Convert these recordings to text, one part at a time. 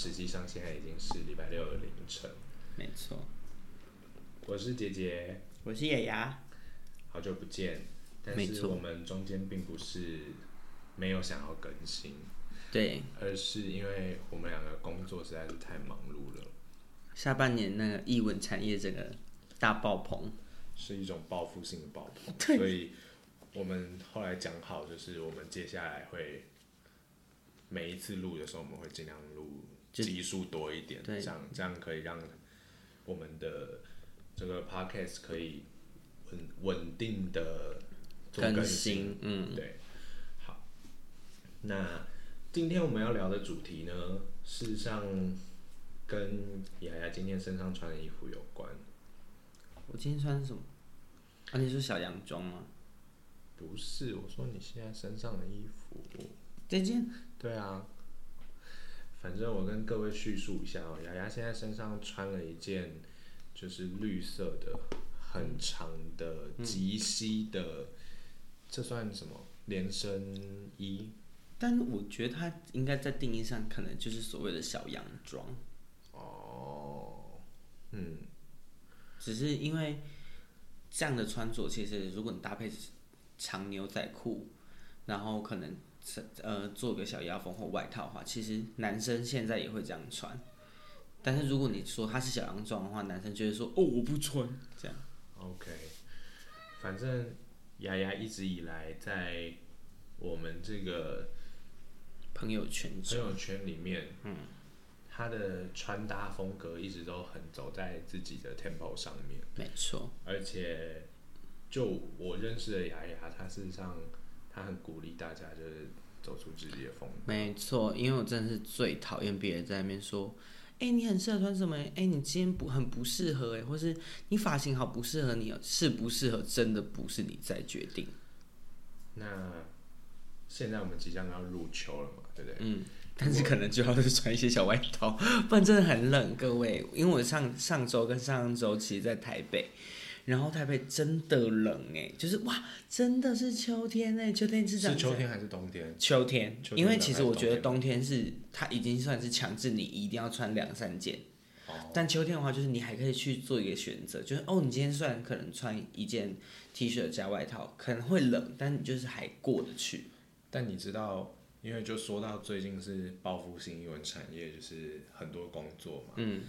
實際上現在已經是禮拜六的凌晨，沒錯。我是杰杰，我是亞亞，好久不見。但是我們中間並不是沒有想要更新，對，而是因為我們兩個工作實在是太忙碌了。下半年那個藝文產業整個大爆棚，是一種報復性的爆棚，對。所以我們後來講好，就是我們接下來會每一次錄的時候，我們會盡量錄。就技術多一點，這樣這樣可以讓我們的這個 podcast 可以穩穩定的做更新，更新。嗯，對，好。那今天我們要聊的主題呢，事實上跟亞亞今天身上穿的衣服有關。我今天穿什麼？啊，你是小洋裝嗎？不是，我說你現在身上的衣服。這件。對啊。反正我跟各位敘述一下哦，亞亞現在身上穿了一件就是綠色的、很長的、及膝的、嗯，這算什麼連身衣？但我覺得它應該在定義上可能就是所謂的小洋裝。哦，嗯，只是因為這樣的穿着，其實如果你搭配長牛仔褲，然後可能。呃，做個小腰風或外套的話，其實男生現在也會這樣穿。但是如果你說他是小洋裝的話，男生就會說，哦，我不穿這樣。OK，反正亞亞一直以來在我們這個朋友圈朋友圈裡面，嗯，他的穿搭風格一直都很走在自己的 tempo 上面。沒錯。而且就我認識的亞亞，他事實上。他很鼓勵大家，就是走出自己的風格。沒錯，因為我真的是最討厭別人在那邊說：“哎、欸，你很適合穿什麼？哎、欸，你今天不很不適合或是你髮型好不適合你、喔，適不適合真的不是你在決定。那”那現在我們即將要入秋了嘛，對不對？嗯，但是可能就要就是穿一些小外套， 不然真的很冷，各位。因為我上上週跟上週其實，在台北。然後台北真的冷誒、欸,就是哇，真的是秋天誒、欸，秋天至少是秋天還是冬天？秋天，秋天天，因為其實我覺得冬天是它已經算是強制你一定要穿兩三件，哦，但秋天的話，就是你還可以去做一個選擇，就是哦，你今天雖然可能穿一件 T 恤加外套，可能會冷，但你就是還過得去。但你知道，因為就說到最近是報復性藝文產業，就是很多工作嘛，嗯。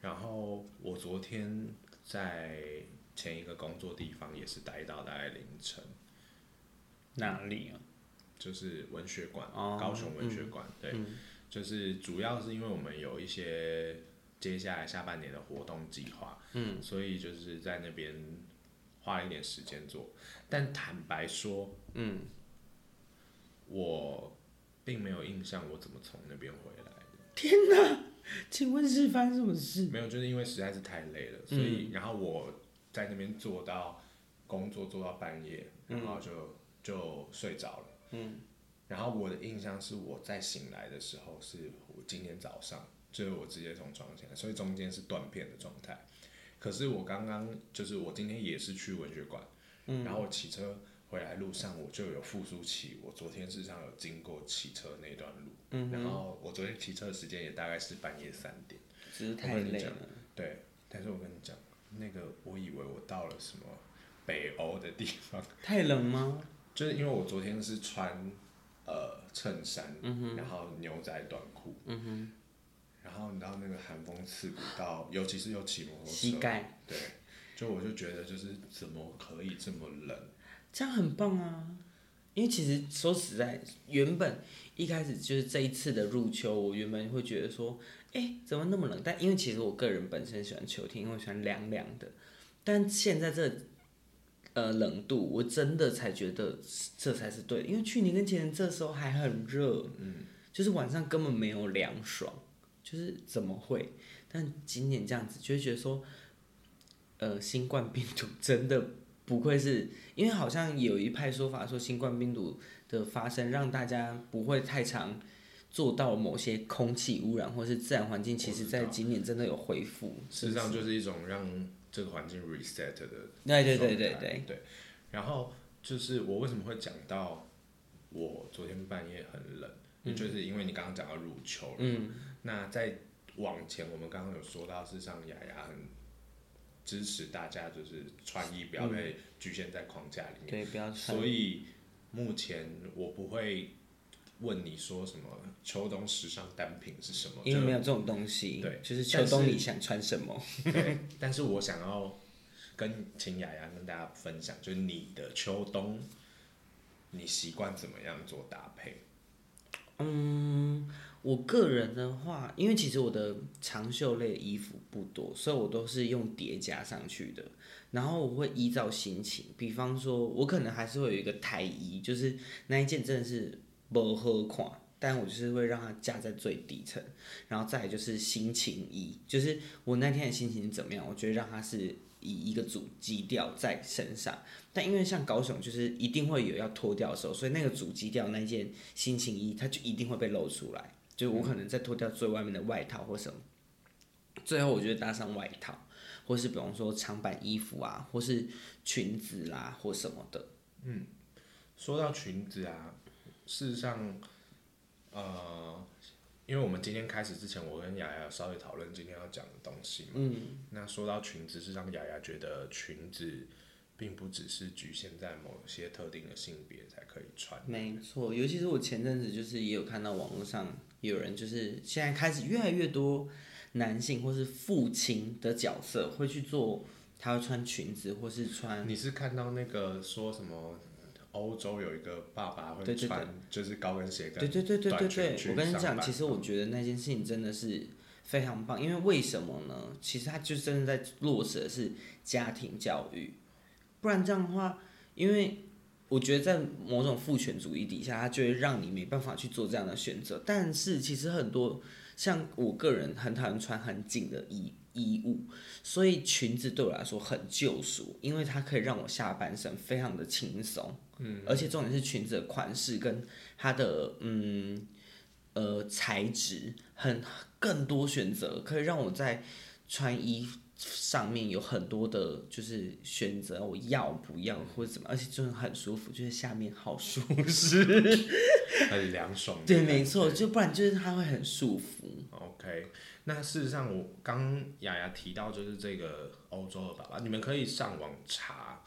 然後我昨天。在前一個工作地方也是待到大概凌晨，哪裡啊？就是文學館，Oh, 高雄文學館，嗯。對，嗯，就是主要是因為我們有一些接下來下半年的活動計劃，嗯，所以就是在那邊花了一點時間做。但坦白說，嗯，我並沒有印象我怎麼從那邊回來的。天哪！請問是發生什麼事？沒有，就是因為實在是太累了，所以、嗯、然後我在那邊做到工作做到半夜，然後就、嗯、就睡着了。嗯，然後我的印象是我在醒來的時候是我今天早上，就是我直接從床起來，所以中間是斷片的狀態。可是我剛剛就是我今天也是去文學館，嗯、然後我騎車。回來路上我就有復述期。我昨天，事實上有經過騎車那段路，嗯，然後我昨天騎車的時間也大概是半夜三點。只是太累了。對，但是我跟你講，那個我以為我到了什麼北歐的地方。太冷嗎？就是因為我昨天是穿呃襯衫，然後牛仔短褲，嗯、然後你知道那個寒風刺骨到、啊，尤其是又騎摩托車，膝蓋，對，就我就覺得就是怎麼可以這麼冷。這樣很棒啊，因為其實說實在，原本一開始就是這一次的入秋，我原本會覺得說，哎、欸，怎麼那麼冷？但因為其實我個人本身喜歡秋天，因為我喜歡涼涼的。但現在這個，呃，冷度我真的才覺得這才是對的，因為去年跟前年這時候還很熱，嗯，就是晚上根本沒有涼爽，就是怎麼會？但今年這樣子，就會覺得說，呃，新冠病毒真的。不愧是，因為好像有一派說法說新冠病毒的發生讓大家不會太常做到某些空氣污染，或是自然環境，其實在今年真的有恢復。事實上，就是一種讓這個環境 reset 的。對對對對對對。然後就是我為什麼會講到我昨天半夜很冷，嗯、就是因為你剛剛講到入秋了。嗯。那再往前，我們剛剛有說到，事實上亞亞很。支持大家就是穿衣，不要被局限在框架裡面。嗯。所以目前我不會問你說什麼秋冬時尚單品是什麼，因為沒有這種東西。對，就是秋冬你想穿什麼？對 但是，我想要跟請亞亞跟大家分享，就是你的秋冬，你習慣怎麼樣做搭配？嗯。我個人的話，因為其實我的長袖類的衣服不多，所以我都是用疊加上去的。然後我會依照心情，比方說，我可能還是會有一個台衣，就是那一件真的是不好看，但我就是會讓它加在最底層。然後再來就是心情衣，就是我那天的心情怎麼樣，我覺得讓它是以一個主基調在身上。但因為像高雄，就是一定會有要脫掉的時候，所以那個主基調那件心情衣，它就一定會被露出來。就我可能再脫掉最外面的外套或什麼，最後我就會搭上外套，或是比方說長版衣服啊，或是裙子啦，啊，或什麼的，嗯。嗯，說到裙子啊，事實上，呃，因為我們今天開始之前，我跟亞亞稍微討論今天要講的東西嘛，嗯。那說到裙子，是讓亞亞覺得裙子並不只是局限在某些特定的性別才可以穿。沒錯，尤其是我前陣子就是也有看到網絡上。有人就是現在開始越來越多男性或是父親的角色會去做，他會穿裙子或是穿。你是看到那個說什麼？歐洲有一個爸爸會穿，就是高跟鞋跟對，對，對，對對對對對對。我跟你講，其實我覺得那件事情真的是非常棒，因為為什麼呢？其實他就真的在落實的是家庭教育，不然這樣的話，因為。我覺得在某種父權主義底下，它就會讓你沒辦法去做這樣的選擇。但是其實很多像我個人很討厭穿很緊的衣衣物，所以裙子對我來說很救贖，因為它可以讓我下半身非常的輕鬆、嗯。而且重點是裙子的款式跟它的嗯呃材質很更多選擇，可以讓我在穿衣服。上面有很多的，就是選擇我要不要或者怎麼，而且真的很舒服，就是下面好舒適 ，很涼爽。 對，沒錯，就不然就是它會很舒服。OK，那事實上我剛亞亞提到就是這個歐洲的爸爸，你們可以上網查，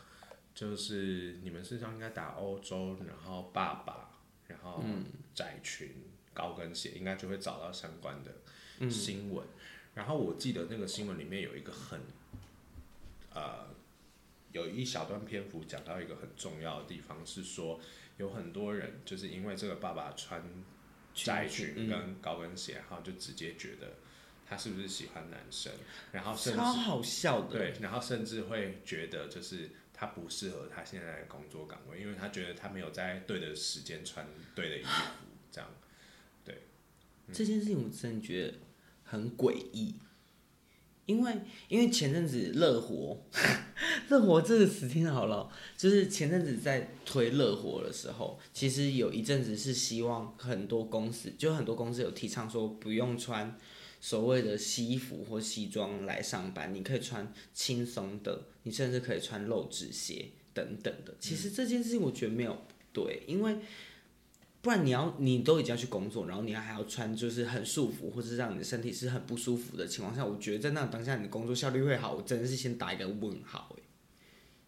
就是你們事實上應該打歐洲，然後爸爸，然後窄裙高跟鞋，應該就會找到相關的新聞。嗯然後我記得那個新聞裡面有一個很，呃，有一小段篇幅講到一個很重要的地方，是說有很多人就是因為這個爸爸穿，窄裙跟高跟鞋，嗯，然後就直接覺得他是不是喜歡男生，然後甚至好笑的，對，然後甚至會覺得就是他不適合他現在的工作崗位，因為他覺得他沒有在對的時間穿對的衣服，啊，這樣，對，嗯，這件事情我真覺得。很詭異，因為因為前陣子樂活，樂活這個詞聽好了，就是前陣子在推樂活的時候，其實有一陣子是希望很多公司，就很多公司有提倡說不用穿所謂的西服或西裝來上班，你可以穿輕鬆的，你甚至可以穿露趾鞋等等的。其實這件事情我覺得沒有不對，因為。不然你要，你都已經要去工作，然後你還要穿，就是很束縛或者讓你的身體是很不舒服的情況下，我覺得在那當下，你的工作效率會好，我真的是先打一個問號。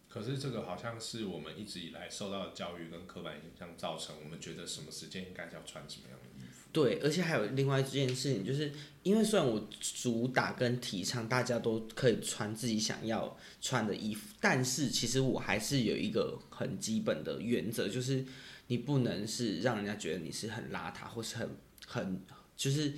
可是這個好像是我們一直以來受到的教育跟刻板印象造成，我們覺得什麼時間應該要穿什麼樣的衣服？對，而且還有另外一件事情，就是因為雖然我主打跟提倡大家都可以穿自己想要穿的衣服，但是其實我還是有一個很基本的原則，就是。你不能是讓人家覺得你是很邋遢，或是很很，就是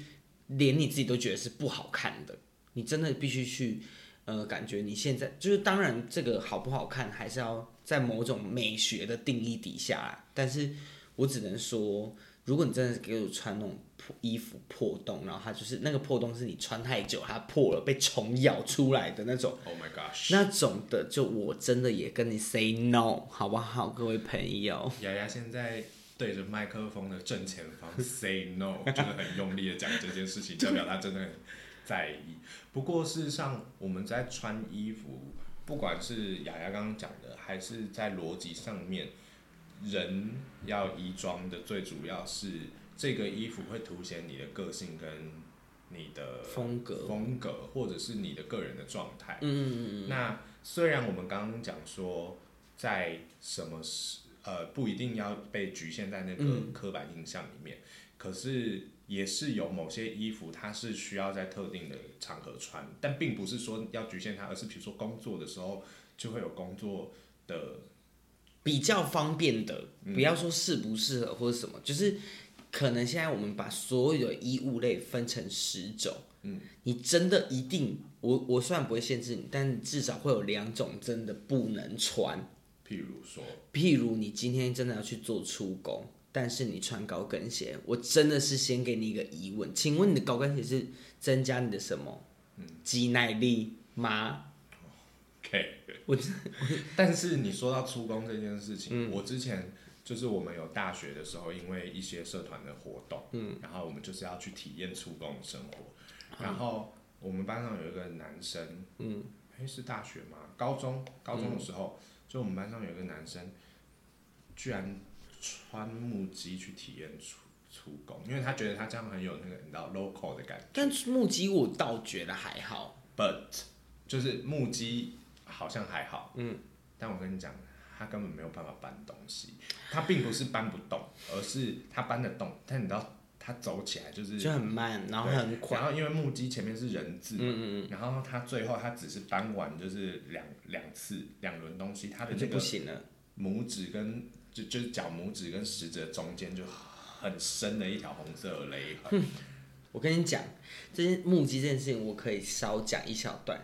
連你自己都覺得是不好看的。你真的必須去，呃，感覺你現在就是，當然這個好不好看，還是要在某種美學的定義底下。但是我只能說。如果你真的是給我穿那種破衣服破洞，然後它就是那個破洞是你穿太久它破了被蟲咬出來的那種，oh my gosh. 那種的，就我真的也跟你 say no，好不好，各位朋友？亞亞現在對着麥克風的正前方 say no， 就是很用力的講這件事情， 代表他真的很在意。不過事實上，我們在穿衣服，不管是亞亞剛剛講的，還是在邏輯上面。人要衣裝的最主要是這個衣服會凸顯你的個性跟你的風格風格，或者是你的個人的狀態。嗯嗯嗯。那雖然我們剛剛講說在什麼是呃不一定要被局限在那個刻板印象裡面，嗯，可是也是有某些衣服它是需要在特定的場合穿，但並不是說要局限它，而是比如說工作的時候就會有工作的。比較方便的，不要說適不適合或者什麼，嗯，就是可能現在我們把所有的衣物類分成十種，嗯，你真的一定，我我雖然不會限制你，但至少會有兩種真的不能穿。譬如說，譬如你今天真的要去做出工，但是你穿高跟鞋，我真的是先給你一個疑問，請問你的高跟鞋是增加你的什麼？嗯，肌耐力嗎？我 ，但是你說到出工這件事情、嗯，我之前就是我們有大學的時候，因為一些社團的活動，嗯，然後我們就是要去體驗出工的生活、嗯，然後我們班上有一個男生，嗯，欸、是大學嗎？高中高中的時候、嗯，就我們班上有一個男生，居然穿木屐去體驗出出工，因為他覺得他這樣很有那個你知道 local 的感覺。但木屐我倒覺得還好，but 就是木屐。好像還好，嗯，但我跟你講，他根本沒有辦法搬東西。他並不是搬不動，而是他搬得動，但你知道他走起來就是就很慢，然後很快，然後因為木屐前面是人字，嗯嗯嗯，然後他最後他只是搬完就是兩兩次兩輪東西，他的個、嗯、就不行了，拇指跟就就是腳拇指跟食指的中間就很深的一條紅色的勒痕。我跟你講，這木屐這件事情，我可以稍講一小段。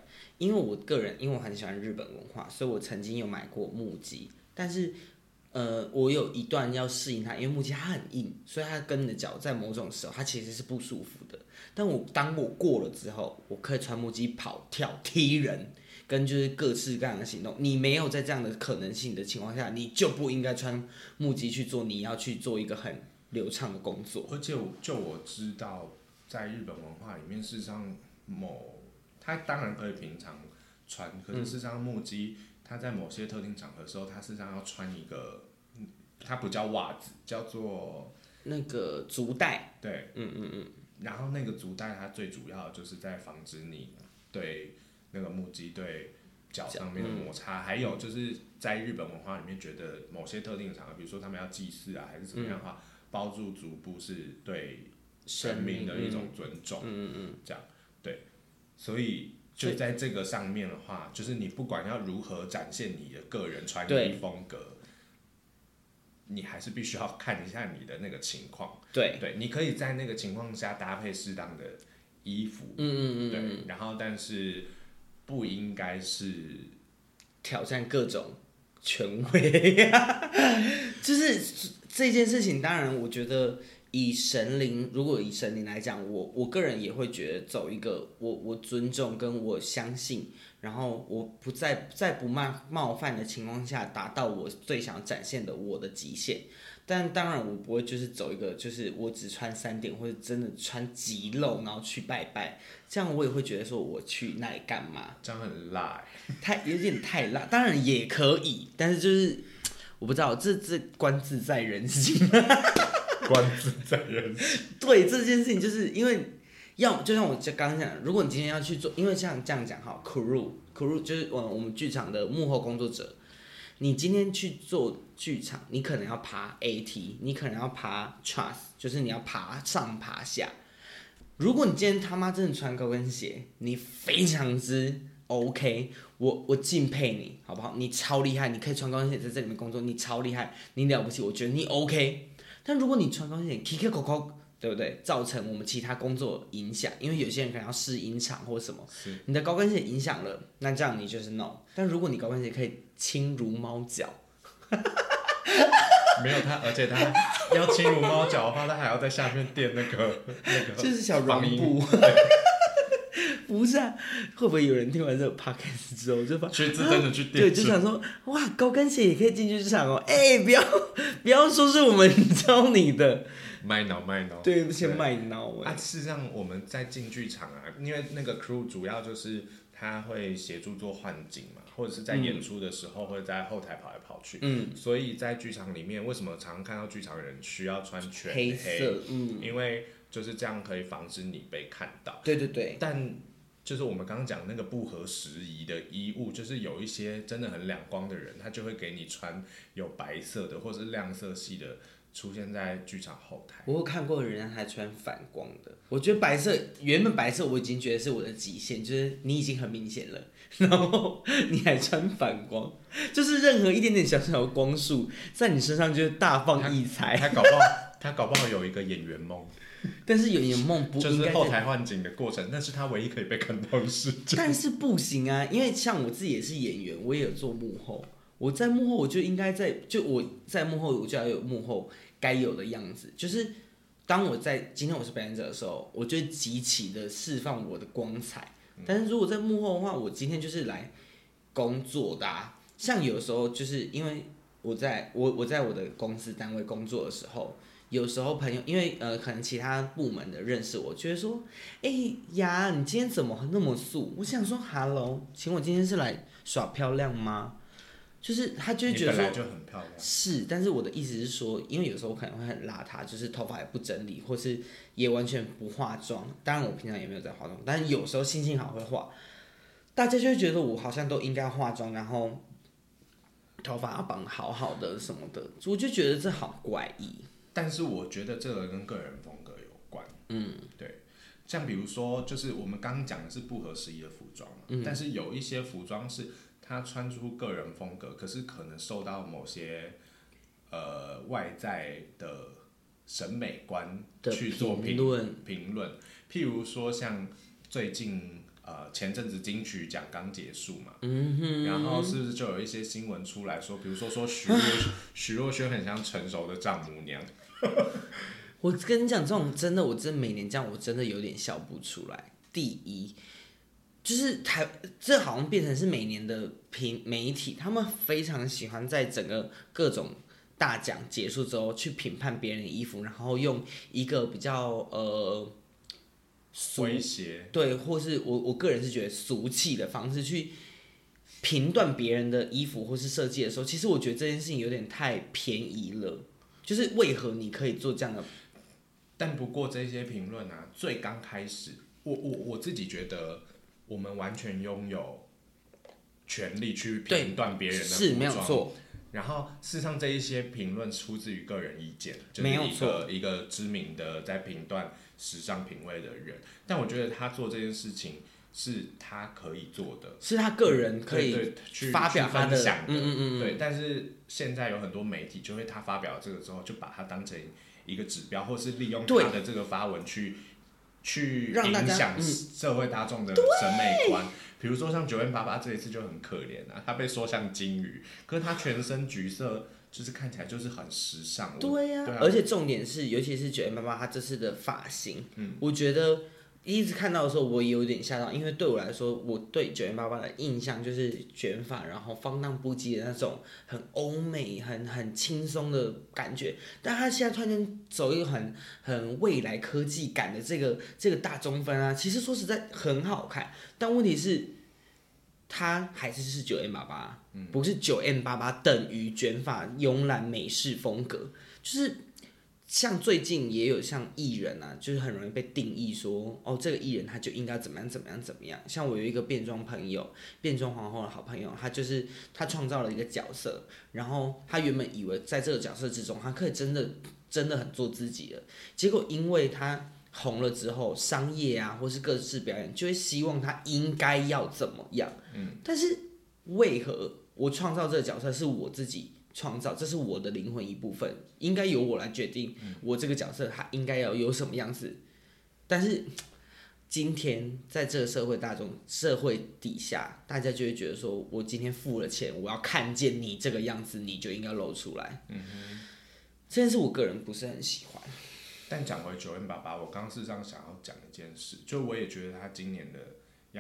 因為我個人，因為我很喜歡日本文化，所以我曾經有買過木屐。但是，呃，我有一段要適應它，因為木屐它很硬，所以它跟你的腳，在某種時候它其實是不舒服的。但我當我過了之後，我可以穿木屐跑、跳、踢人，跟就是各式各樣的行動。你沒有在這樣的可能性的情況下，你就不應該穿木屐去做。你要去做一個很流暢的工作。而且，就我知道，在日本文化裡面，事實上某。他當然可以平常穿，可是事實上木屐，他在某些特定場合的時候，他事實上要穿一個，它不叫襪子，叫做那個足帶。對，嗯嗯嗯。然後那個足帶，它最主要就是在防止你對那個木屐對腳上面的摩擦、嗯，還有就是在日本文化裡面，覺得某些特定場合，比如說他們要祭祀啊，還是怎麼樣的話，包住足部是對生命的一種尊重。嗯，嗯嗯嗯，這樣，對。所以就在這個上面的話，就是你不管要如何展現你的個人穿衣風格，你還是必須要看一下你的那個情況。對對，你可以在那個情況下搭配適當的衣服。嗯嗯嗯嗯。對。然後，但是不應該是挑戰各種權威啊。 就是這件事情，當然，我覺得。以神靈，如果以神靈來講，我我個人也會覺得走一個我，我我尊重跟我相信，然後我不在在不冒冒犯的情況下，達到我最想展現的我的極限。但當然，我不會就是走一個，就是我只穿三點或者真的穿極露然後去拜拜，這樣我也會覺得說我去那裡幹嘛？這樣很辣、欸，太有點太辣。當然也可以，但是就是我不知道，這這觀自在人心。 關注在人。 對，這件事情，就是因為要就像我就剛剛講的，如果你今天要去做，因為像這樣講哈，crew crew 就是我我們劇場的幕後工作者。你今天去做劇場，你可能要爬 AT，你可能要爬 trust，就是你要爬上爬下。如果你今天他媽真的穿高跟鞋，你非常之 OK，我我敬佩你，好不好？你超厲害，你可以穿高跟鞋在這裡面工作，你超厲害，你了不起，我覺得你 OK。但如果你穿高跟鞋，kick 對不對？造成我們其他工作影響，因為有些人可能要試音場或什麼，你的高跟鞋影響了，那這樣你就是 no。但如果你高跟鞋可以輕如貓腳， 沒有它，而且它要輕如貓腳的話，它 還要在下面墊那個那個，這、那個就是小絨布。 對。不是啊，會不會有人聽完這個 podcast 之後就把裙子單獨去，去、啊？對，就想說哇，高跟鞋也可以進去劇場哦！哎、欸，不要不要說是我們教你的賣腦賣腦，對，不些賣腦。啊。事實上我們在進劇場啊，因為那個 crew 主要就是他會協助做換景嘛，或者是在演出的時候、嗯、或者在後台跑來跑去，嗯，所以在劇場裡面為什麼常看到劇場的人需要穿全黑、黑色？嗯，因為就是這樣可以防止你被看到。對對對，但就是我們剛剛講那個不合時宜的衣物，就是有一些真的很兩光的人，他就會給你穿有白色的或是亮色系的，出現在劇場後台。我有看過人家還穿反光的，我覺得白色原本白色我已經覺得是我的極限，就是你已經很明顯了，然後你還穿反光，就是任何一點點小小的光束在你身上就是大放異彩他。他搞不好， 他搞不好有一個演員夢。但是演員夢不就是後台換景的過程，那是他唯一可以被看到的事情。但是不行啊，因為像我自己也是演員，我也有做幕後。我在幕後，我就應該在就我在幕後，我就要有幕後該有的樣子。就是當我在今天我是表演者的時候，我就極其的釋放我的光彩。但是如果在幕後的話，我今天就是來工作的啊。像有時候就是因為我在我我在我的公司單位工作的時候。有時候朋友，因為呃，可能其他部門的認識我，我就會說，哎、欸、呀，你今天怎麼那麼素？我想說哈嘍，請我今天是來耍漂亮嗎？就是他就會覺得說，本來就很漂亮。是。但是我的意思是說，因為有時候我可能會很邋遢，就是頭髮也不整理，或是也完全不化妝。當然，我平常也沒有在化妝，但是有時候心情好會化。大家就會覺得我好像都應該化妝，然後頭髮要綁好好的什麼的，我就覺得這好怪異。但是我覺得這個跟個人風格有關，嗯，對，像比如說，就是我們剛剛講的是不合時宜的服裝嘛、嗯，但是有一些服裝是他穿出個人風格，可是可能受到某些呃外在的審美觀去做評論評論，譬如說像最近呃前陣子金曲獎剛結束嘛，嗯，然後是不是就有一些新聞出來說，比如說說徐若徐 若瑄很像成熟的丈母娘。 我跟你講，這種真的，我真的每年這樣，我真的有點笑不出來。第一，就是台這好像變成是每年的評媒體，他們非常喜歡在整個各種大獎結束之後去評判別人的衣服，然後用一個比較呃威脅，對，或是我我個人是覺得俗氣的方式去評斷別人的衣服或是設計的時候，其實我覺得這件事情有點太便宜了。就是為何你可以做這樣的？但不過這些評論啊，最剛開始，我我我自己覺得，我們完全擁有權利去評斷別人的服裝是沒有錯。然後，事實上這一些評論出自於個人意見，就是一個，沒有錯。一個知名的在評斷時尚品味的人，但我覺得他做這件事情是他可以做的，是他個人可以去發表他的，的嗯，嗯嗯，對，但是。現在有很多媒體，就會他發表這個之後，就把它當成一個指標，或是利用他的這個發文去去影響社會大眾的審美觀。比、嗯、如說像九萬八八這一次就很可憐啊，他被說像金魚，可是他全身橘色，就是看起來就是很時尚對、啊。對啊，而且重點是，尤其是九萬八八他這次的髮型、嗯，我覺得。第一次看到的時候，我也有點嚇到，因為對我來說，我對 9m88 的印象就是捲髮，然後放蕩不羈的那種很歐美、很很輕鬆的感覺。但他現在突然間走一個很很未來科技感的這個這個大中分啊，其實說實在很好看，但問題是，他還是是 9m88，不是 9m88 等於捲髮慵懶美式風格，就是。像最近也有像藝人啊，就是很容易被定義說，哦，這個藝人他就應該怎麼樣怎麼樣怎麼樣。像我有一個變裝朋友，變裝皇後的好朋友，他就是他創造了一個角色，然後他原本以為在這個角色之中，他可以真的真的很做自己的。結果因為他紅了之後，商業啊或是各式表演，就會希望他應該要怎麼樣。嗯，但是為何我創造這個角色是我自己？創造，這是我的靈魂一部分，應該由我來決定，我這個角色他應該要有什麼樣子。嗯、但是今天在這個社會大眾社會底下，大家就會覺得說，我今天付了錢，我要看見你這個樣子，你就應該露出來。嗯哼，這件事我個人不是很喜歡。但講回九淵爸爸，我剛剛事實上想要講一件事，就我也覺得他今年的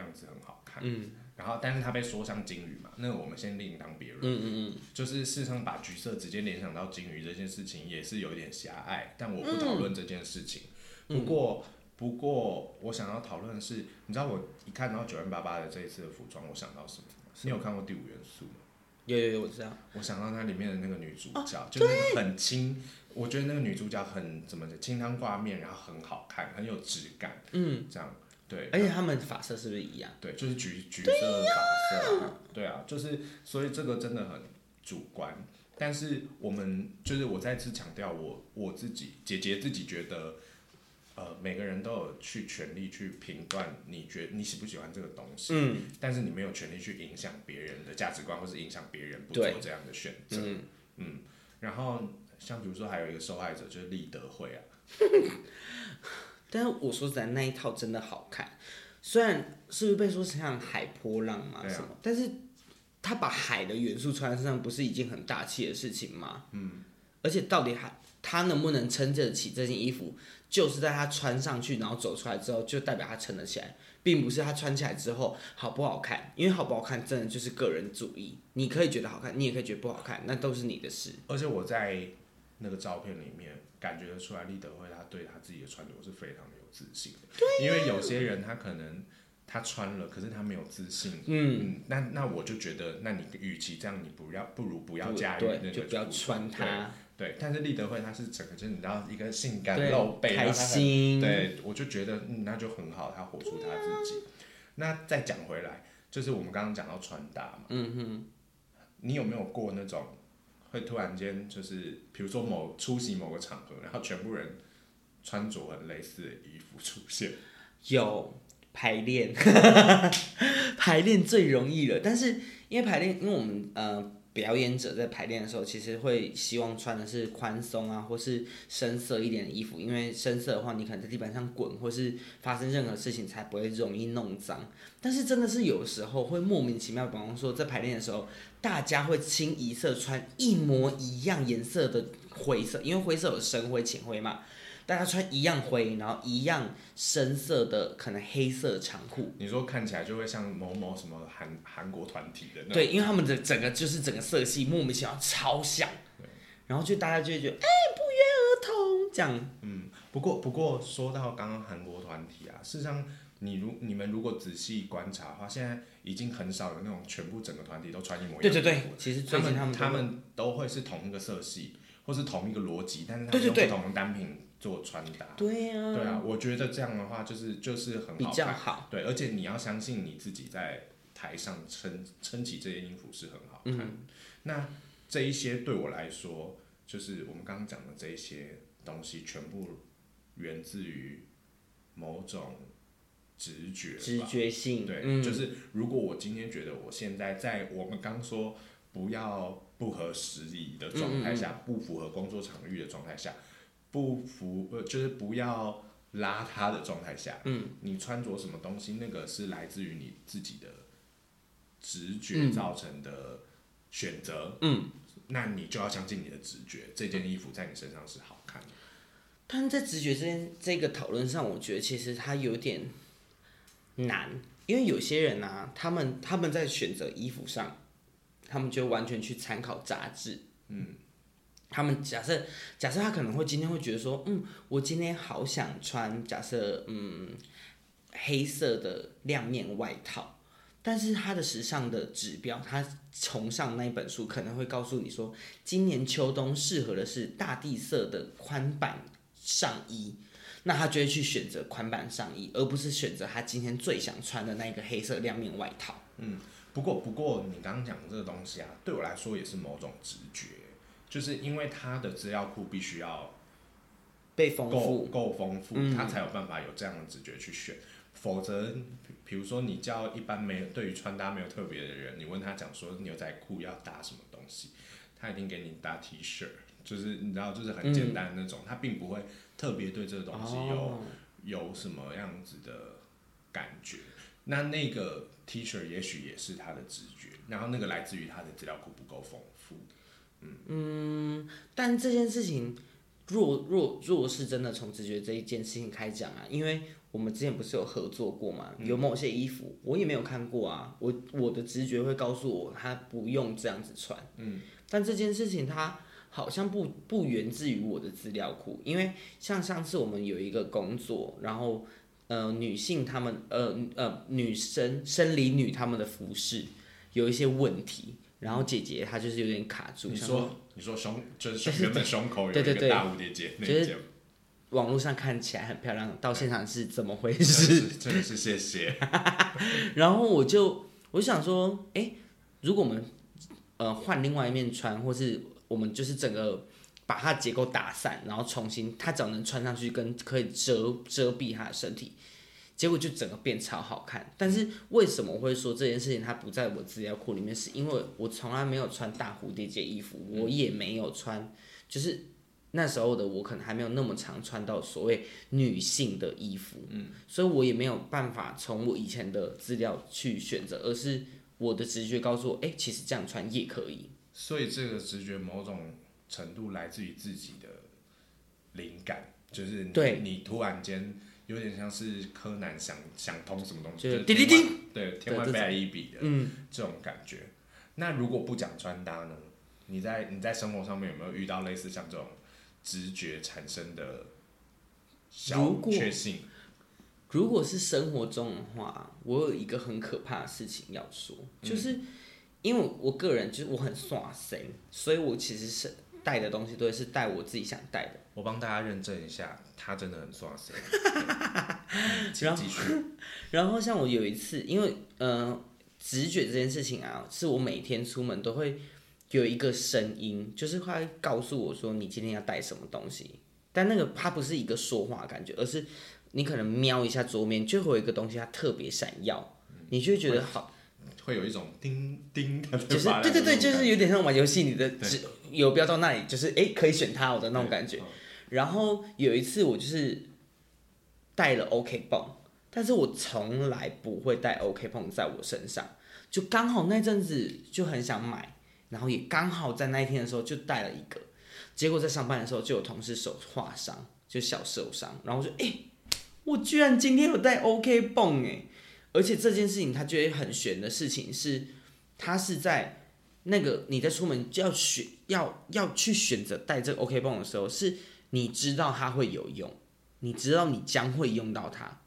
樣子很好看。嗯。然後，但是他被說像金魚嘛？那我們先另當別論、嗯嗯。就是事實上把橘色直接聯想到金魚這件事情也是有點狹隘。但我不討論這件事情。嗯、不過，不過，我想要討論的是，嗯、你知道我一看到九萬八八的這一次的服裝，我想到什麼？什麼？什麼？你有看過第五元素嗎？有有有，我知道。我想到它裡面的那個女主角，啊、就那個很清，我覺得那個女主角很怎麼講，清湯掛麵，然後很好看，很好看，很有質感。嗯，這樣。對、呃，而且他們髮色是不是一樣？對，就是橘橘色髮色對、啊。對啊，就是所以這個真的很主觀。但是我們就是我再次強調，我我自己姐姐自己覺得，呃，每個人都有去權利去評斷你覺得你喜不喜歡這個東西。嗯。但是你沒有權利去影響別人的價值觀，或是影響別人不做這樣的選擇、嗯。嗯。然後像比如說還有一個受害者就是李德惠啊。 但是我說實在，那一套真的好看，雖然是不是被說成像海波浪嘛，啊，什麼，啊，但是他把海的元素穿身上，不是一件很大氣的事情嗎？嗯，而且到底他他能不能撐得起這件衣服，就是在他穿上去然後走出來之後，就代表他撐了起來，並不是他穿起來之後好不好看，因為好不好看真的就是個人主義，你可以覺得好看，你也可以覺得不好看，那都是你的事。而且我在那個照片裡面。感覺得出來，立德會他對他自己的穿着是非常的有自信的，因為有些人他可能他穿了，可是他沒有自信嗯嗯，嗯。那那我就覺得，那你與其這樣，你不要，不如不要駕馭那個，就不要穿它。對，但是立德會他是整個，就是你知道一個性感露背，讓他很開心。對，我就覺得嗯，那就很好，他活出他自己。那再講回來，就是我們剛剛講到穿搭嘛，嗯哼。你有沒有過那種？會突然間就是，比如說某出席某個場合，然後全部人穿着很類似的衣服出現，有排練， 排練最容易了，但是因為排練，因為我們呃。表演者在排練的時候，其實會希望穿的是寬鬆啊，或是深色一點的衣服，因為深色的話，你可能在地板上滾，或是發生任何事情才不會容易弄髒。但是真的是有時候會莫名其妙，比方說在排練的時候，大家會清一色穿一模一樣顏色的灰色，因為灰色有深灰、淺灰嘛。大家穿一樣灰，然後一樣深色的，可能黑色的長褲。你說看起來就會像某某什麼韓韓國團體的那種。對，因為他們的整個就是整個色系、嗯、莫名其妙超像，然後就大家就會覺得哎、欸，不約而同這樣。嗯，不過不過說到剛剛韓國團體啊，事實上你如你們如果仔細觀察的話，現在已經很少有那種全部整個團體都穿一模一樣。對對對，其實，其實他們他們，他們都會是同一個色系，或是同一個邏輯，但是他們有不同的單品。對對對對做穿搭，對啊對啊，我覺得這樣的話就是就是很好看，比較好，對，而且你要相信你自己在台上撐撐起這些衣服是很好看。嗯、那這一些對我來說，就是我們剛剛講的這些東西，全部源自於某種直覺，直覺性，對、嗯，就是如果我今天覺得我現在在我們剛剛說不要不合時宜的狀態下嗯嗯嗯，不符合工作場域的狀態下。不服呃，就是不要邋遢的狀態下，嗯，你穿着什麼東西，那個是來自於你自己的直覺造成的選擇，嗯，嗯，那你就要相信你的直覺，這件衣服在你身上是好看的。但在直覺這件這個討論上，我覺得其實它有點難，因為有些人呢，啊，他們他們在選擇衣服上，他們就完全去參考雜誌，嗯。他們假設，假設他可能會今天會覺得說，嗯，我今天好想穿，假設，嗯，黑色的亮面外套。但是他的時尚的指標，他崇尚那一本書可能會告訴你說，今年秋冬適合的是大地色的寬版上衣。那他就會去選擇寬版上衣，而不是選擇他今天最想穿的那個黑色亮面外套。嗯，嗯不過，不過你剛剛講的這個東西啊，對我來說也是某種直覺。就是因為他的資料庫必須要被夠夠豐富，富、嗯，他才有辦法有這樣的直覺去選。否則，比如說你叫一般沒有對於穿搭沒有特別的人，你問他講說牛仔褲要搭什麼東西，他一定給你搭 T 恤。就是你知道，就是很簡單那種、嗯，他並不會特別對這個東西有、哦、有什麼樣子的感覺。那那個 T 恤也許也是他的直覺，然後那個來自於他的資料庫不夠豐富。嗯，但這件事情若，若若若是真的從直覺這一件事情開講啊，因為我們之前不是有合作過嘛，有某些衣服我也沒有看過啊，我我的直覺會告訴我，他不用這樣子穿。嗯，但這件事情它好像不不源自於我的資料庫，因為像上次我們有一個工作，然後呃女性他們呃呃女生生理女他們的服飾有一些問題。然後姐姐她就是有點卡住。你說她，你說胸就是胸，原本胸口有一個對對對對大蝴蝶結，就是網絡上看起來很漂亮，到現場是怎麼回事？真的是，真的是謝謝。 然後我就我就想說，誒，如果我們呃換另外一面穿，或是我們就是整個把它結構打散，然後重新，它只要能穿上去跟，跟可以遮遮蔽她的身體。結果就整個變超好看，但是為什麼會說這件事情它不在我資料庫裡面？是因為我從來沒有穿大蝴蝶結衣服，我也沒有穿、嗯，就是那時候的我可能還沒有那麼常穿到所謂女性的衣服，嗯，所以我也沒有辦法從我以前的資料去選擇，而是我的直覺告訴我，誒、欸，其實這樣穿也可以。所以這個直覺某種程度來自於自己的靈感，就是對，你突然間。有點像是柯南想想通什麼東西，滴叮，就是，對，天外飛來一筆的這種、嗯、這種感覺。那如果不講穿搭呢？你在你在生活上面有沒有遇到類似像這種直覺產生的小確幸？如，如果是生活中的話，我有一個很可怕的事情要說，嗯、就是因為我個人就是我很耍神，所以我其實是。帶的東西都是帶我自己想帶的。我幫大家認證一下，他真的很帥。 然後像我有一次，因為嗯、呃，直覺這件事情啊，是我每天出門都會有一個聲音，就是會告訴我說你今天要帶什麼東西。但那個它不是一個說話感覺，而是你可能瞄一下桌面，最後一個東西它特別閃耀，嗯，你就會覺得好會，會有一種叮叮的種感覺，就是對對對，就是有點像玩遊戲你的指。有標到那裡，就是誒、欸、可以選它我、哦、的那種感覺。然後有一次我就是帶了 OK 繃，但是我從來不會帶 OK 繃在我身上。就剛好那陣子就很想買，然後也剛好在那一天的時候就帶了一個。結果在上班的時候就有同事手劃傷，就小受傷。然後我誒，哎、欸，我居然今天有帶 OK 繃誒，而且這件事情他覺得很玄的事情是，他是在。那個你在出門要選要要去選擇帶這個 OK 繃的時候，是你知道它會有用，你知道你將會用到它，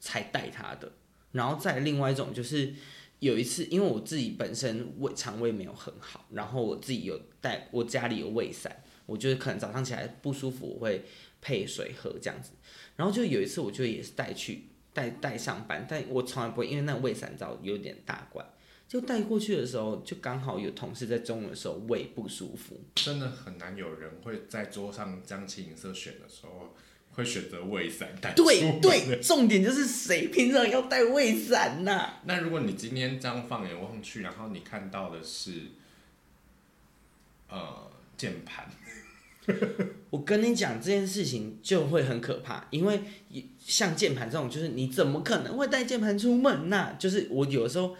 才帶它的。然後再另外一種就是有一次，因為我自己本身胃腸胃沒有很好，然後我自己有帶我家裡有胃散，我就可能早上起來不舒服，我會配水喝這樣子。然後就有一次，我覺得也是帶去帶帶上班，但我從來不會，因為那個胃散知有點大罐。就帶過去的時候，就剛好有同事在中午的時候胃不舒服。真的很難有人會在桌上將其顏色選的時候會選擇胃散帶出門。對對，重點就是誰平常要帶胃散吶？ 那如果你今天這樣放眼望去，然後你看到的是呃鍵盤，鍵盤 我跟你講這件事情就會很可怕，因為像鍵盤這種，就是你怎麼可能會帶鍵盤出門吶，啊？就是我有的時候。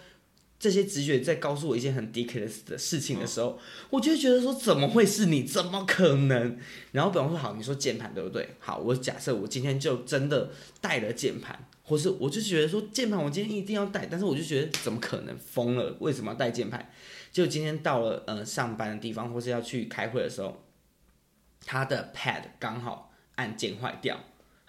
這些直覺在告訴我一件很 ridiculous 的事情的時候，我就覺得說怎麼會是你？怎麼可能？然後比方說，好，你說鍵盤對不對？好，我假設我今天就真的帶了鍵盤，或是我就覺得說鍵盤我今天一定要帶，但是我就覺得怎麼可能？瘋了？為什麼要帶鍵盤？結果今天到了呃上班的地方，或是要去開會的時候，他的 pad 剛好按鍵壞掉，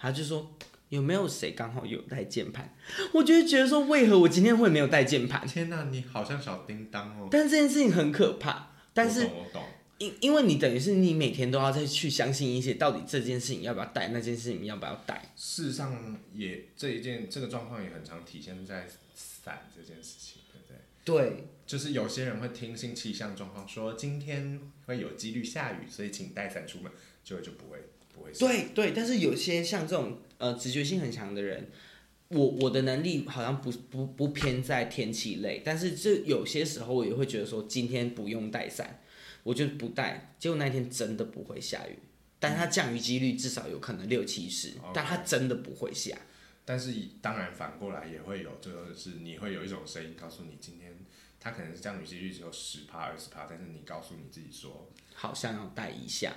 他就說。有沒有誰剛好有帶鍵盤？我就覺、覺得說，為何我今天會沒有帶鍵盤？天哪，啊，你好像小叮當哦！但這件事情很可怕。但是我懂，我懂。因因為你等於是你每天都要再去相信一些，到底這件事情要不要帶，那件事情要不要帶。事實上也，也這一件這個狀況也很常體現在傘這件事情，對不對？對，就是有些人會聽信氣象狀況，說今天會有幾率下雨，所以請帶傘出門，就就不會不會。對對，但是有些像這種。呃，直覺性很強的人，我我的能力好像不不不偏在天氣類，但是這有些時候我也會覺得說，今天不用帶傘，我就不帶，結果那天真的不會下雨，但它降雨幾率至少有可能六七十，okay, 但它真的不會下。但是當然反過來也會有，就是是你會有一種聲音告訴你，今天它可能是降雨幾率只有十趴二十趴，但是你告訴你自己說，好像要帶一下。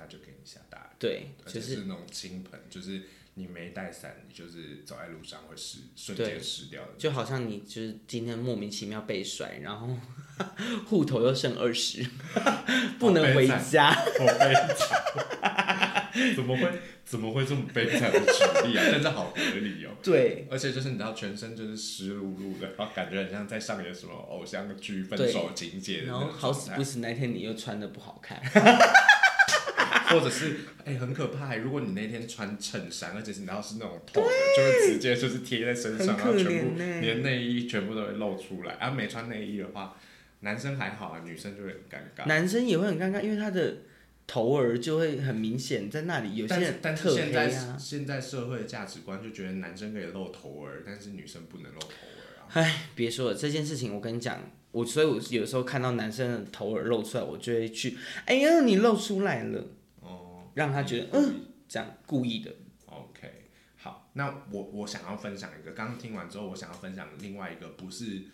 他就給你下大雨，對，就是那種傾盆，就是，就是你沒帶傘，你就是走在路上會濕，瞬間濕掉的，就好像你就是今天莫名其妙被甩，然後 戶頭又剩二十，不能回家， 怎麼會怎麼會這麼悲慘的舉例啊？真 的好合理哦，對，而且就是你知道，全身就是濕漉漉的，然後感覺很像在上演什麼偶像劇分手情節，然後好死不死那天你又穿得不好看。 或者是哎、欸，很可怕。如果你那天穿襯衫，而且是然後是那種透的，就會直接就是貼在身上，然後全部連內衣全部都會露出來。然後沒穿內衣的話，男生還好、啊，女生就會很尷尬。男生也會很尷尬，因為他的頭兒就會很明顯在那裡。有些人、啊、但,但是現在現在社會的價值觀就覺得男生可以露頭兒，但是女生不能露頭兒啊。哎，別說了，這件事情我跟你講，我所以，我有時候看到男生的頭兒露出來，我就會去，哎呀，你露出來了。讓他覺得嗯，這樣故意的。OK，好，那我我想要分享一個，剛剛聽完之後，我想要分享另外一個，不是，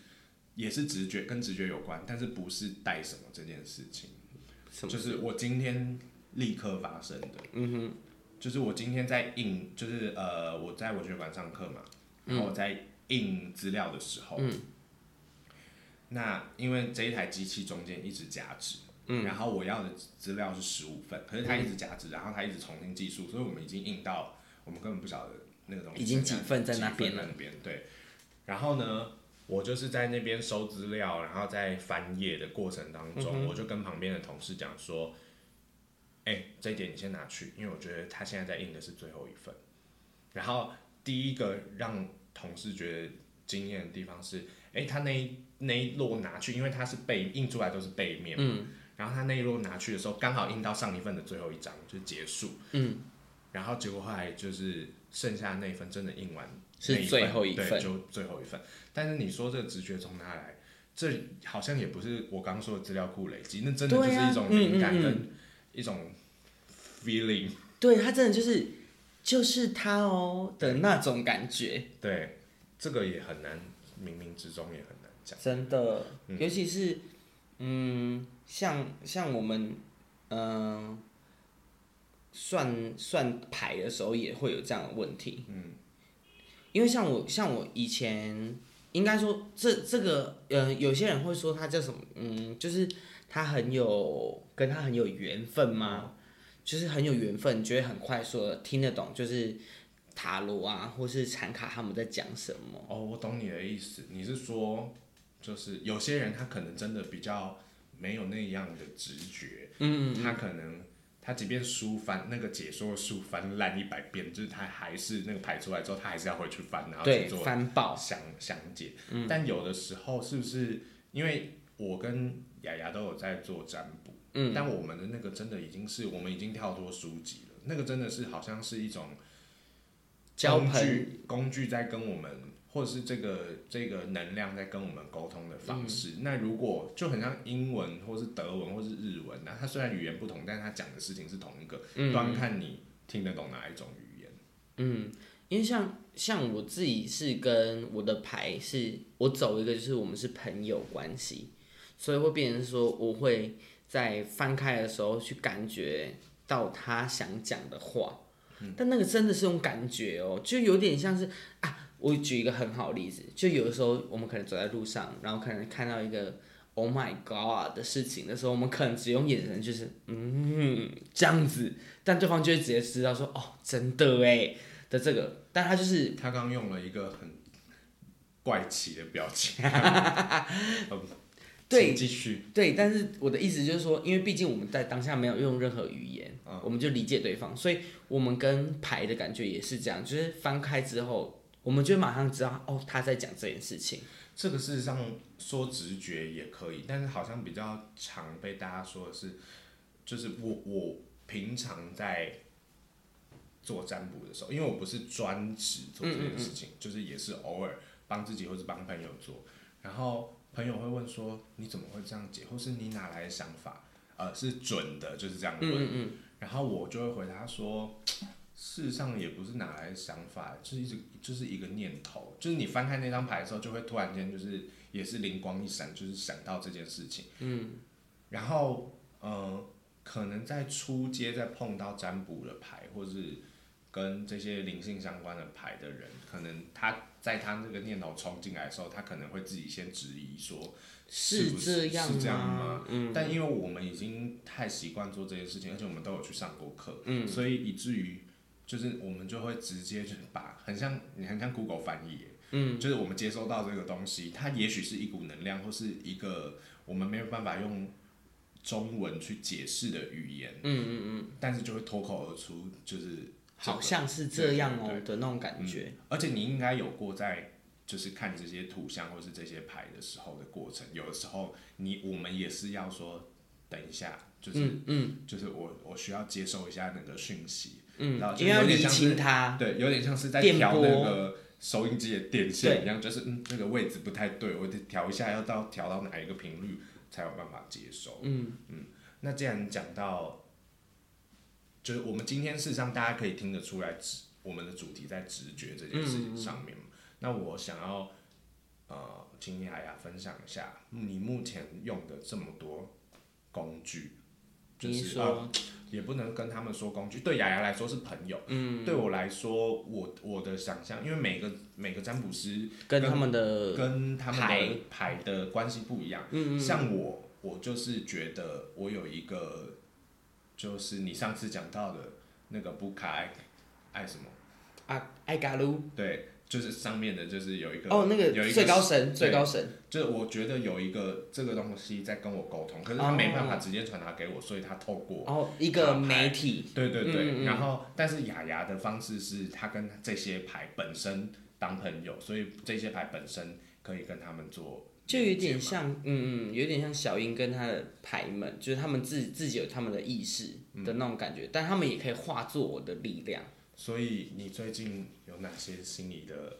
也是直覺跟直覺有關，但是不是帶什麼這件事情，就是我今天立刻發生的。嗯哼，就是我今天在印，就是呃，我在文學館上課嘛、嗯，然後我在印資料的時候、嗯，那因為這一台機器中間一直夾紙。嗯，然後我要的資料是十五份，可是他一直夾紙、嗯，然後他一直重新計數，所以我們已經印到我們根本不曉得那個東西已經幾份在那邊了。那邊對，然後呢，我就是在那邊收資料，然後在翻頁的過程當中，嗯、我就跟旁邊的同事講說：“哎、欸，這一點你先拿去，因為我覺得他現在在印的是最後一份。”然後第一個讓同事覺得驚艷的地方是：“哎、欸，他那一那一摞拿去，因為他是背印出來都是背面。”嗯。然後他那一摞拿去的時候，剛好印到上一份的最後一張就結束、嗯。然後結果後來就是剩下那一份真的印完是最後一份，就最後一份。但是你說這個直覺從哪來？這好像也不是我剛剛說的資料庫累積，那真的就是一種靈感的一種 feeling。對,、啊嗯嗯嗯、對他真的就是就是他哦的那種感覺對。對，這個也很難，冥冥之中也很難講。真的，嗯、尤其是。嗯，像像我們，嗯、呃，算算牌的時候也會有這樣的問題。嗯，因為像我像我以前，應該說這這個，嗯、呃，有些人會說他叫什麼，嗯，就是他很有跟他很有緣分嗎？就是很有緣分，覺得很快速的聽得懂，就是塔羅啊，或是禪卡他們在講什麼？哦，我懂你的意思，你是說？就是有些人他可能真的比較沒有那樣的直覺，嗯嗯嗯，他可能他即便書翻那個解說書翻爛一百遍，就是他還是那個牌出來之後，他還是要回去翻，然後去做想翻報詳詳解。嗯嗯，但有的時候是不是？因為我跟亞亞都有在做占卜，嗯嗯，但我們的那個真的已經是我們已經跳脫書籍了，那個真的是好像是一種工具工具在跟我們。或者是這個這個能量在跟我們溝通的方式，嗯，那如果就很像英文，或者是德文，或者是日文，那它雖然語言不同，但它講的事情是同一個，嗯。端看你聽得懂哪一種語言。嗯，因為像像我自己是跟我的牌是，我走一個就是我們是朋友關係，所以會變成說，我會在翻開的時候去感覺到他想講的話，嗯、但那個真的是種感覺哦，就有點像是啊。我舉一個很好的例子，就有的時候我們可能走在路上，然後可能看到一個 “oh my god” 的事情的時候，我們可能只用眼神，就是嗯這樣子，但對方就會直接知道說：“哦，真的欸的這個。”但他就是他剛用了一個很怪奇的表情，哈哈哈哈哈。對，繼續對，但是我的意思就是說，因為畢竟我們在當下沒有用任何語言、嗯，我們就理解對方，所以我們跟牌的感覺也是這樣，就是翻開之後。我們就馬上知道哦，他在講這件事情。這個事實上說直覺也可以，但是好像比較常被大家說的是，就是我我平常在做占卜的時候，因為我不是專職做這件事情，嗯嗯。就是也是偶爾幫自己或是幫朋友做。然後朋友會問說：“你怎麼會這樣解？或是你哪來的想法？呃，是準的，就是這樣問。”嗯嗯嗯，然後我就會回答說。事實上也不是哪來的想法，就是一直就是一個念頭，就是你翻開那張牌的時候，就會突然間就是也是靈光一閃，就是想到這件事情。嗯、然後嗯、呃，可能在初階再碰到占卜的牌，或是跟這些靈性相關的牌的人，可能他在他那個念頭衝進來的時候，他可能會自己先質疑說是不是，是這樣嗎？是這樣啊。嗯。但因為我們已經太習慣做這件事情，而且我們都有去上過課、嗯，所以以至於。就是我們就會直接就把很像你很像 Google 翻譯，嗯，就是我們接收到這個東西，它也許是一股能量或是一個我們沒有辦法用中文去解釋的語言，嗯嗯嗯，但是就會脫口而出，就是、這個、好像是這樣哦的,的,的那種感覺。嗯、而且你應該有過在就是看這些圖像或是這些牌的時候的過程，有的時候你我們也是要說等一下，就是嗯,嗯，就是我我需要接收一下那個訊息。嗯，然後就要理它，對，有點像是在調那個收音機的電線一樣，就是嗯，那個位置不太對，我得調一下，要到調到哪一個頻率才有辦法接收。嗯、嗯，那既然講到，就是我們今天事實上大家可以聽得出來，直我們的主題在直覺這件事情上面嗯、嗯，那我想要呃，請你來分享一下，你目前用的這麼多工具，嗯、就是。說。呃也不能跟他們說工具，對亞亞來說是朋友，嗯，對我來說，我我的想象，因為每個每個占卜師跟，跟他們的跟他們的牌的關係不一樣，嗯嗯，像我，我就是覺得我有一個，就是你上次講到的那個不開愛什麼啊愛嘎魯，對。就是上面的，就是有一個哦，oh, 那個有一個最高神，最高神。就是我覺得有一個這個東西在跟我溝通，可是他沒辦法直接傳達給我，所以他透過、oh, 哦一個媒體。對對對，嗯嗯、然後但是亞亞的方式是，他跟這些牌本身當朋友，所以這些牌本身可以跟他們做，就有點像嗯嗯，有點像小英跟他的牌們，就是他們自自己有他們的意識的那種感覺，嗯、但他們也可以化作我的力量。所以你最近有哪些心理的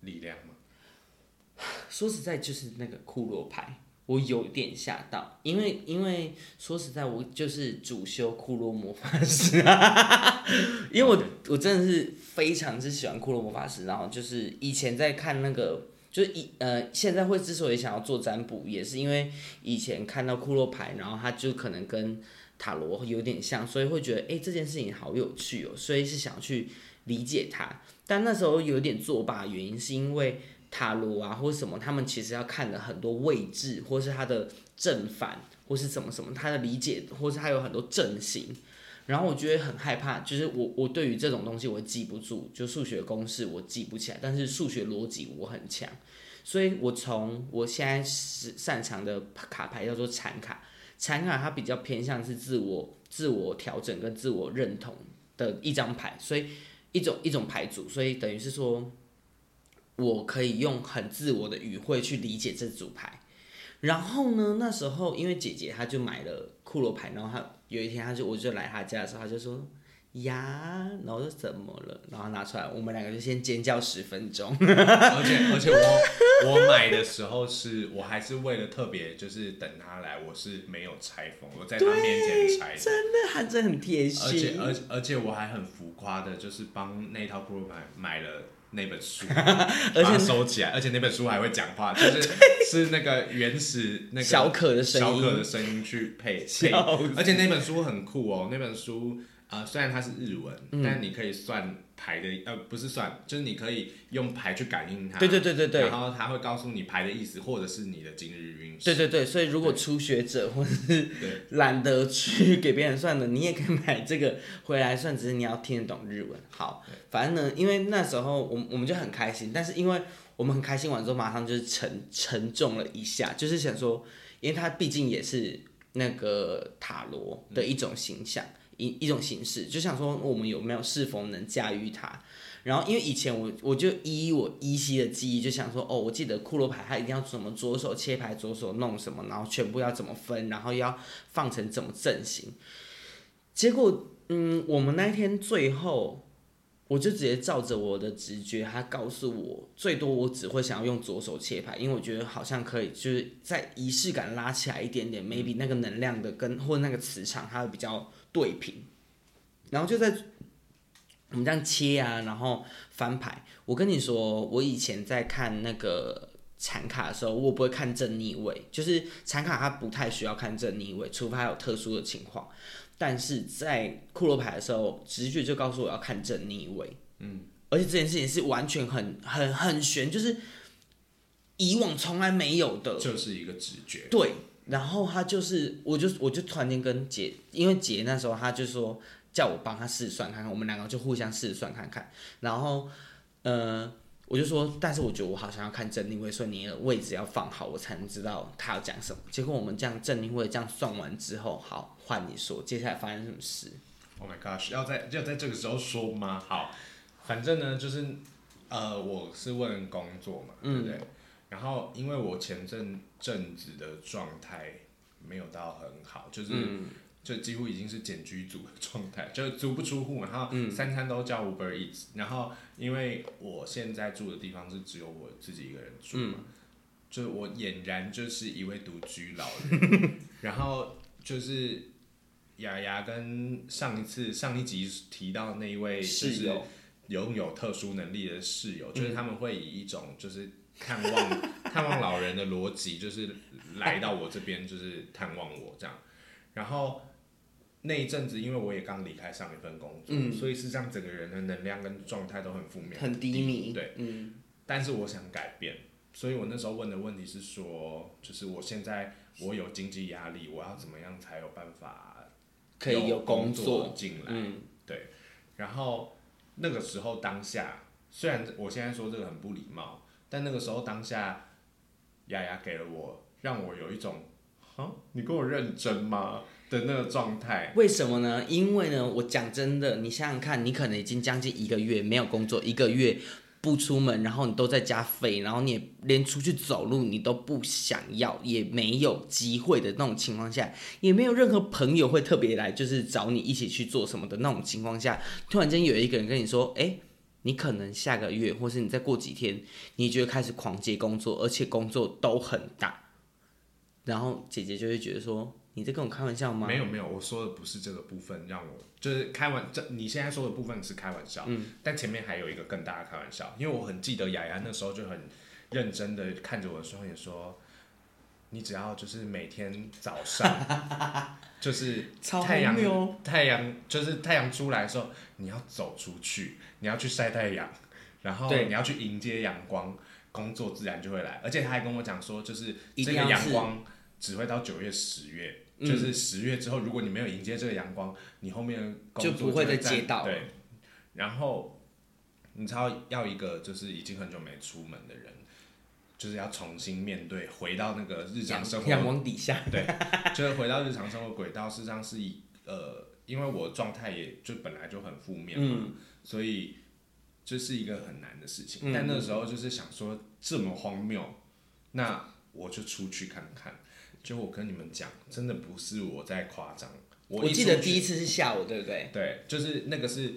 力量嗎？說實在，就是那個庫洛牌，我有點嚇到，因為因為說實在，我就是主修庫洛魔法使、啊， 因為我、啊、我真的是非常之喜歡庫洛魔法使。然後就是以前在看那個，就是以呃，現在會之所以想要做占卜，也是因為以前看到庫洛牌，然後他就可能跟。塔羅有點像，所以會覺得哎、欸，這件事情好有趣哦、喔，所以是想去理解它。但那時候有點作罷，原因是因為塔羅啊，或者什麼，他們其實要看的很多位置，或是他的正反，或是什麼什麼，他的理解，或是他有很多陣型。然後我覺得很害怕，就是我我對於這種東西我記不住，就數學公式我記不起來，但是數學邏輯我很強，所以我從我現在是擅長的卡牌叫做禪卡。殘卡它比較偏向是自我、自我調整跟自我認同的一張牌，所以一種一種牌組，所以等於是說，我可以用很自我的語彙去理解這組牌。然後呢，那時候因為姐姐她就買了庫洛牌，然後她有一天她就我就來她家的時候，她就說。呀，然後就怎麼了？然後拿出來，我們兩個就先尖叫十分鐘。嗯、而且而且我 我買的時候是我還是為了特別就是等他來，我是沒有拆封，我在他面前拆。真的，他真的很貼心。而且而且而且我還很浮誇的，就是幫那套庫洛牌買買了那本書，啊 而，把它收起來。而且那本書還會講話，就是是那個原始那個。小可的聲音，小可的聲音去配。配而且那本書很酷哦，那本書。啊、呃，雖然它是日文，但你可以算牌的，嗯，呃，不是算，就是你可以用牌去感應它。對對對對對。然後它會告訴你牌的意思，或者是你的今日運勢。對對對，所以如果初學者或者是懶得去給別人算的，你也可以買這個回來算，只是你要聽得懂日文。好，反正呢，因為那時候我我們就很開心，但是因為我們很開心完之後，馬上就是沉沉重了一下，就是想說，因為它畢竟也是那個塔羅的一種形象。嗯一一種形式，就想說我們有沒有是否能駕馭它。然後，因為以前我我就依我依稀的記憶就想說，哦，我記得庫洛牌它一定要怎麼左手切牌，左手弄什麼，然後全部要怎麼分，然後要放成怎麼陣型。結果，嗯，我們那天最後，我就直接照着我的直覺，它告訴我，最多我只會想要用左手切牌，因為我覺得好像可以，就是在儀式感拉起來一點點，maybe 那個能量的跟或那個磁場，它會比較。對平，然後就在我們這樣切啊，然後翻牌。我跟你說，我以前在看那個產卡的時候，我不會看正逆位，就是產卡它不太需要看正逆位，除非它有特殊的情況。但是在庫洛牌的時候，直覺就告訴我要看正逆位。嗯，而且這件事情是完全很很很玄，就是以往從來沒有的，就是一個直覺。對。然後他就是，我就我就突然間跟姐，因為姐那時候她就說叫我幫她試算看看，我們兩個就互相試算看看。然後，呃，我就說，但是我覺得我好像要看正逆位，所以你的位置要放好，我才能知道他要講什麼。結果我們這樣正逆位這樣算完之後，好，換你說，接下來發生什麼事？Oh my gosh，要在要在這個時候說嗎？好，反正呢就是，呃，我是問工作嘛，對不對？嗯、然後因為我前陣。鎮子的狀態沒有到很好，就是、嗯、就幾乎已經是簡居組的狀態，就足不出戶嘛，然後三餐都叫 Uber Eat、嗯、然後因為我現在住的地方是只有我自己一個人住嘛，嗯、就我儼然就是一位獨居老人。 然後就是雅雅跟上一次上一集提到的那一位就是擁有特殊能力的室友、嗯，就是他們會以一種就是看望。 探望老人的邏輯就是來到我這邊就是探望我這樣，然後那一陣子因為我也剛離開上一份工作，嗯，所以是這樣，整個人的能量跟狀態都很負面，很低迷，對，嗯，但是我想改變，所以我那時候問的問題是說，就是我現在我有經濟壓力，我要怎麼樣才有辦法可以有工作進來？嗯，對。然後那個時候當下，雖然我現在說這個很不禮貌，但那個時候當下。亞亞給了我，讓我有一種，啊，你跟我認真嗎的那個狀態？為什麼呢？因為呢，我講真的，你想想看，你可能已經將近一個月沒有工作，一個月不出門，然後你都在家廢，然後你也連出去走路你都不想要，也沒有機會的那種情況下，也沒有任何朋友會特別來就是找你一起去做什麼的那種情況下，突然間有一個人跟你說，誒、欸……你可能下個月，或是你再過幾天，你就開始狂接工作，而且工作都很大，然後杰杰就會覺得說：“你在跟我開玩笑嗎？”沒有沒有，我說的不是這個部分，讓我就是開玩這，你現在說的部分是開玩笑，嗯，但前面還有一個更大的開玩笑，因為我很記得亞亞那時候就很認真的看着我的時候也說。你只要就是每天早上， 就是太陽太陽就是太陽出來的時候，你要走出去，你要去曬太陽，然後你要去迎接陽光，工作自然就會來。而且他還跟我講說，就是這個陽光只會到九月十月，就是十月之後，如果你沒有迎接這個陽光，嗯，你後面就，就不會再接到。對，然後你知道要，要一個就是已經很久沒出門的人。就是要重新面對，回到那個日常生活，陽光底下。 對，就是回到日常生活軌道。事實上是，呃，因為我的狀態也就本來就很負面嘛，嗯、所以這、就是一個很難的事情。但那時候就是想說這麼荒謬，那我就出去看看。就我跟你們講，真的不是我在誇張。我記得第一次是下午，對不對？對，就是那個是。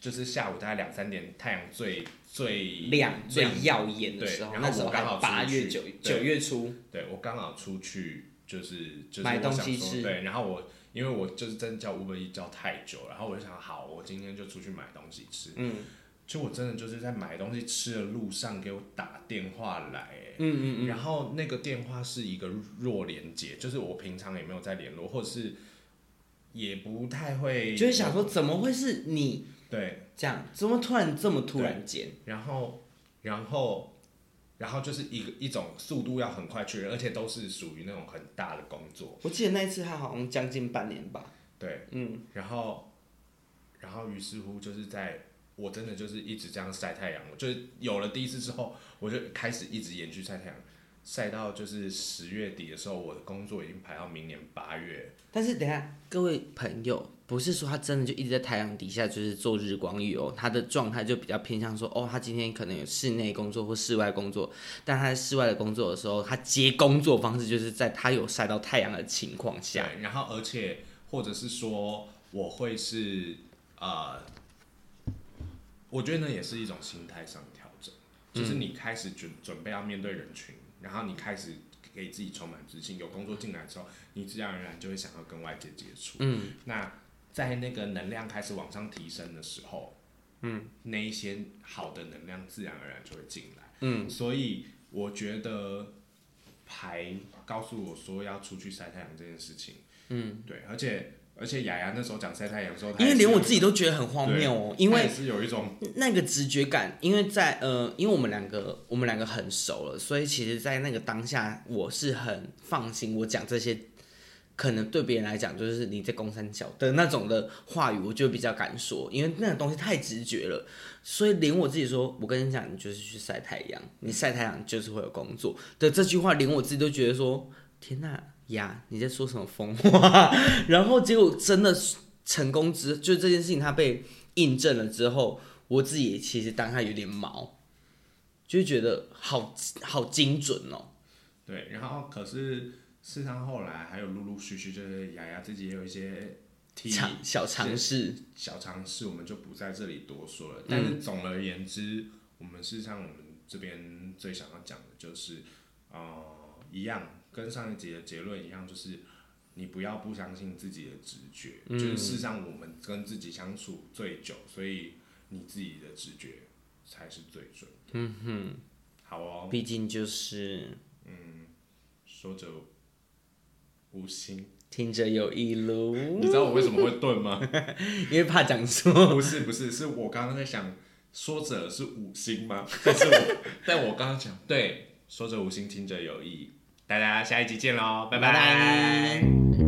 就是下午大概兩三點，太陽最最亮、最耀眼的時候，然後我剛好八月九九月初，對我剛好出去，就是就是我想說，對，然後我因為我就是真的叫吳文義叫太久，然後我就想，好，我今天就出去買東西吃，嗯，就我真的就是在買東西吃的路上給我打電話來，嗯嗯嗯，然後那個電話是一個弱連接，就是我平常也沒有在聯絡，或者是也不太會，就是想說怎麼會是你？對，這樣怎麼突然這麼突然間？然後，然後，然後就是一個一種速度要很快去，而且都是屬於那種很大的工作。我記得那一次，他好像將近半年吧。對，嗯。然後，然後，於是乎，就是在我真的就是一直這樣曬太陽。我就是有了第一次之後，我就開始一直延續曬太陽，曬到就是十月底的時候，我的工作已經排到明年八月。但是等一下，各位朋友。不是說他真的就一直在太陽底下就是做日光浴哦，他的狀態就比較偏向說哦，他今天可能有室內工作或室外工作，但他在室外的工作的時候，他接工作方式就是在他有曬到太陽的情況下。對，然後而且或者是說我會是啊、呃，我覺得呢也是一種心態上的調整，就是你開始準準備要面對人群，然後你開始給自己充滿自信，有工作進來的時候，你自然而然就會想要跟外界接觸。嗯，那。在那個能量開始往上提升的時候，嗯，那一些好的能量自然而然就會進來，嗯，所以我覺得還告訴我說要出去曬太陽這件事情，嗯，對，而且而且亞亞那時候講曬太陽的時候，因為連我自己都覺得很荒謬哦，因為是有一種那個直覺感，因為在呃，因為我們兩個我們兩個很熟了，所以其實在那個當下我是很放心我講這些。可能對別人來講，就是你在公山角的那種的話語，我就比較敢說，因為那個東西太直覺了。所以連我自己說，我跟你講，你就是去曬太陽，你曬太陽就是會有工作的這句話，連我自己都覺得說，天哪、啊、呀，你在說什麼瘋話？ 然後結果真的成功之，就這件事情它被印證了之後，我自己其實當下有點毛，就覺得好好精準哦、喔。對，然後可是。事實上，後來還有陸陸續續，就是亞亞自己也有一些小嘗試，小嘗試，我們就不在這裡多說了。但是，總而言之，嗯、我們事實上我們這邊最想要講的就是，呃，一樣跟上一集的結論一樣，就是你不要不相信自己的直覺，嗯、就是事實上，我們跟自己相處最久，所以你自己的直覺才是最準的。嗯哼，好哦，畢竟就是，嗯，說着。無心，聽者有意嘍。你知道我為什麼會頓嗎？ 因為怕講錯。不是不是，是我剛剛在想，說者是無心嗎？ 但是我，但我剛剛講對，說者無心，聽者有意。大家下一集見嘍，拜拜。拜拜。